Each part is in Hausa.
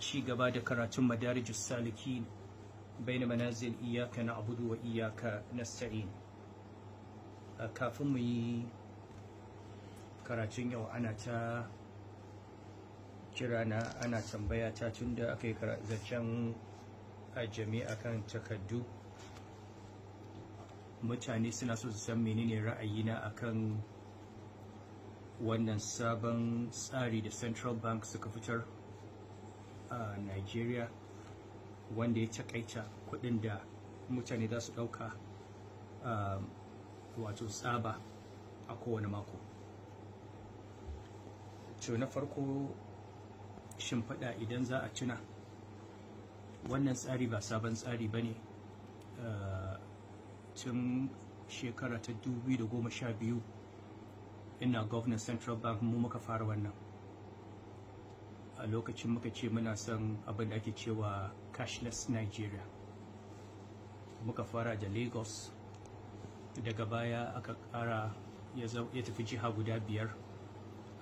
ci gaba da karatun madarijus salikin baina manazil iyaka na abudu wa iyaka na A kafin mu yi karatun yau ana ta kira na ana tambaya ta tun da aka yi zancen ajami kan takardu mutane suna so su san menene ra'ayina a kan wannan sabon tsari da central bank suka fitar a Najeriya wanda ya takaita kuɗin da mutane za su ɗauka um, wato tsaba a kowane mako to na farko shimfiɗa idan za a cina wannan tsari ba sabon tsari ba ne uh, tun shekara ta 2012 ina gwamnan central bank mu muka fara wannan a lokacin muka ce muna son abin da ake cewa cashless nigeria muka fara da lagos daga baya aka kara ya tafi jiha guda biyar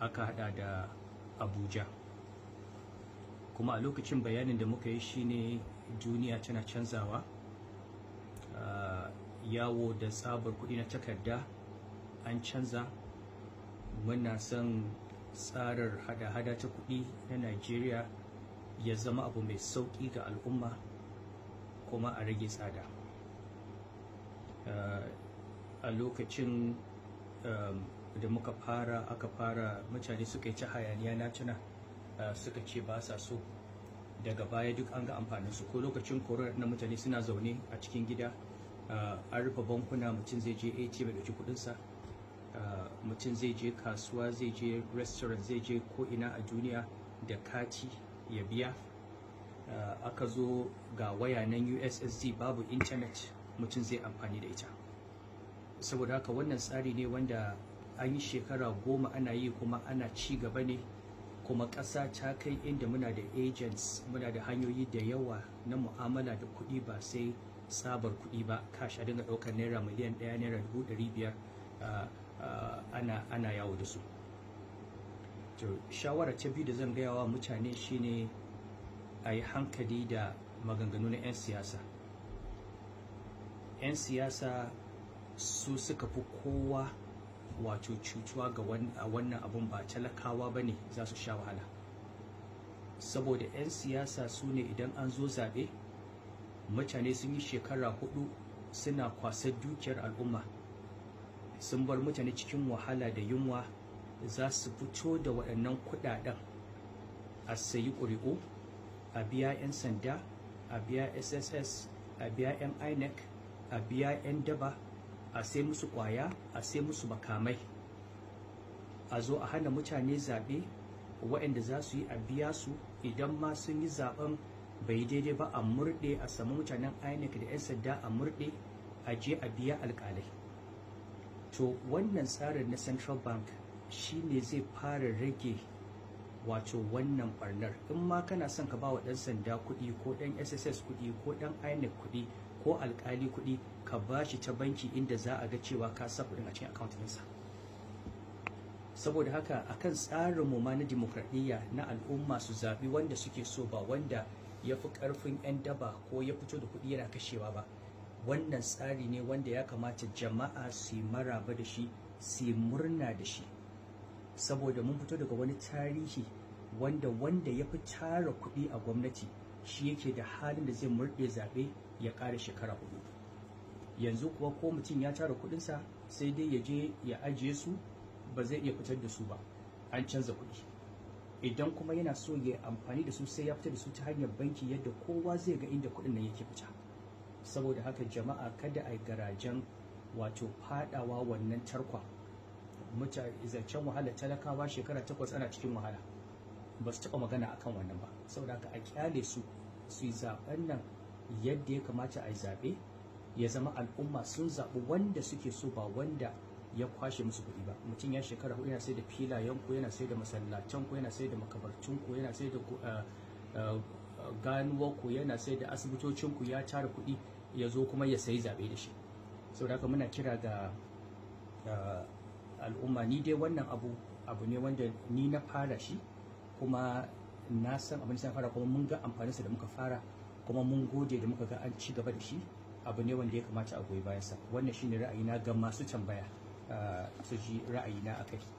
aka hada da abuja kuma a lokacin bayanin da muka yi shine duniya tana canzawa yawo da tsabar kuɗi na takarda an canza muna son tsarin hada-hada ta kuɗi na Najeriya ya zama abu mai sauƙi ga al'umma kuma a rage tsada. Eh, a lokacin eh, da muka fara aka fara mutane suka yi ci hayaniya na tuna eh, suka ce ba sa so daga baya duk an ga amfanin su ko lokacin korona na mutane suna zaune a cikin gida an rufe bankuna mutum zai je atm ya ɗauki kuɗinsa mutum zai je kasuwa zai je restaurant zai je ko'ina a duniya da kati ya biya aka zo ga waya nan ussd babu intanet mutum zai amfani da ita saboda haka wannan tsari ne wanda an yi shekara goma ana yi kuma ana ci gaba ne kuma ƙasa ta kai inda muna da agents muna da hanyoyi da yawa na mu'amala da kuɗi ba sai tsabar kuɗi ba Kashi a dinga ɗaukar naira miliyan ɗaya naira dubu ɗari biyar ana ana yawo da su to shawara ta biyu da zan gaya wa mutane shine a yi hankali da maganganu na 'yan siyasa 'yan siyasa su suka fi kowa wato cutuwa ga wannan abun ba talakawa ba ne za su sha wahala saboda 'yan siyasa su ne idan an zo zaɓe mutane sun yi shekara hudu suna kwasar dukiyar al'umma sun bar mutane cikin wahala da yunwa za su fito da waɗannan kuɗaɗen a sayi ƙuri'u a biya 'yan sanda a biya sss a biya 'yan INEC, a biya 'yan daba a sai musu ƙwaya a sai musu makamai a zo a hana mutane zaɓe waɗanda za su yi a biya su idan ma sun yi zaɓen bai daidai ba a murɗe a samu mutanen inec da 'yan sanda a murɗe a je a biya alƙalai to wannan tsarin na central bank shi ne zai fara rage wato wannan barnar in ma kana son ka ba wa ɗan sanda kuɗi ko ɗan sss kuɗi ko ɗan inec kuɗi ko alkali kuɗi ka ba shi ta banki inda za a ga cewa ka sa kuɗin a cikin account ɗinsa saboda haka akan mu ma na dimokuraɗiyya na al'umma su zaɓi wanda suke so ba wanda ya fi ƙarfin 'yan daba ko ya fito da kuɗi yana kashewa ba wannan tsari ne wanda ya kamata jama'a su maraba da shi su murna da shi saboda mun fito daga wani tarihi wanda wanda ya fi tara kuɗi a gwamnati shi yake da halin da zai murɗe zaɓe ya ƙara shekara hudu yanzu kuwa ko mutum ya tara kuɗinsa sai dai ya je ya ajiye su ba zai iya fitar da su ba an canza kuɗi idan kuma yana so ya amfani da su sai ya fitar da su ta hanyar banki yadda kowa zai ga inda kuɗin nan yake fita saboda haka jama'a kada a yi garajen wato fadawa wannan tarkwa zancen wahala talakawa shekara takwas ana cikin wahala ba su taɓa magana akan wannan ba saboda haka a kyale su su yi zaben nan yadda ya kamata a yi zaɓe ya zama al'umma sun zaɓi wanda suke so ba wanda ya kwashe musu kuɗi ba mutum ya shekara hudu yana sai da filayen ku eh, eh, yana sai da masallacen ku yana sai da makabartun ku yana sai da ganuwar ku yana sai da asibitocin ku ya tara kuɗi ya zo kuma ya sayi zaɓe da shi sau haka muna kira ga al'umma ni dai wannan abu abu ne wanda ni na fara shi kuma na san abin da fara kuma mun ga amfaninsa da muka fara kuma mun gode da muka ga an ci gaba da shi abu ne wanda ya kamata a goyi bayansa wannan shine ra'ayina ga masu tambaya ah, su ji ra'ayina a kai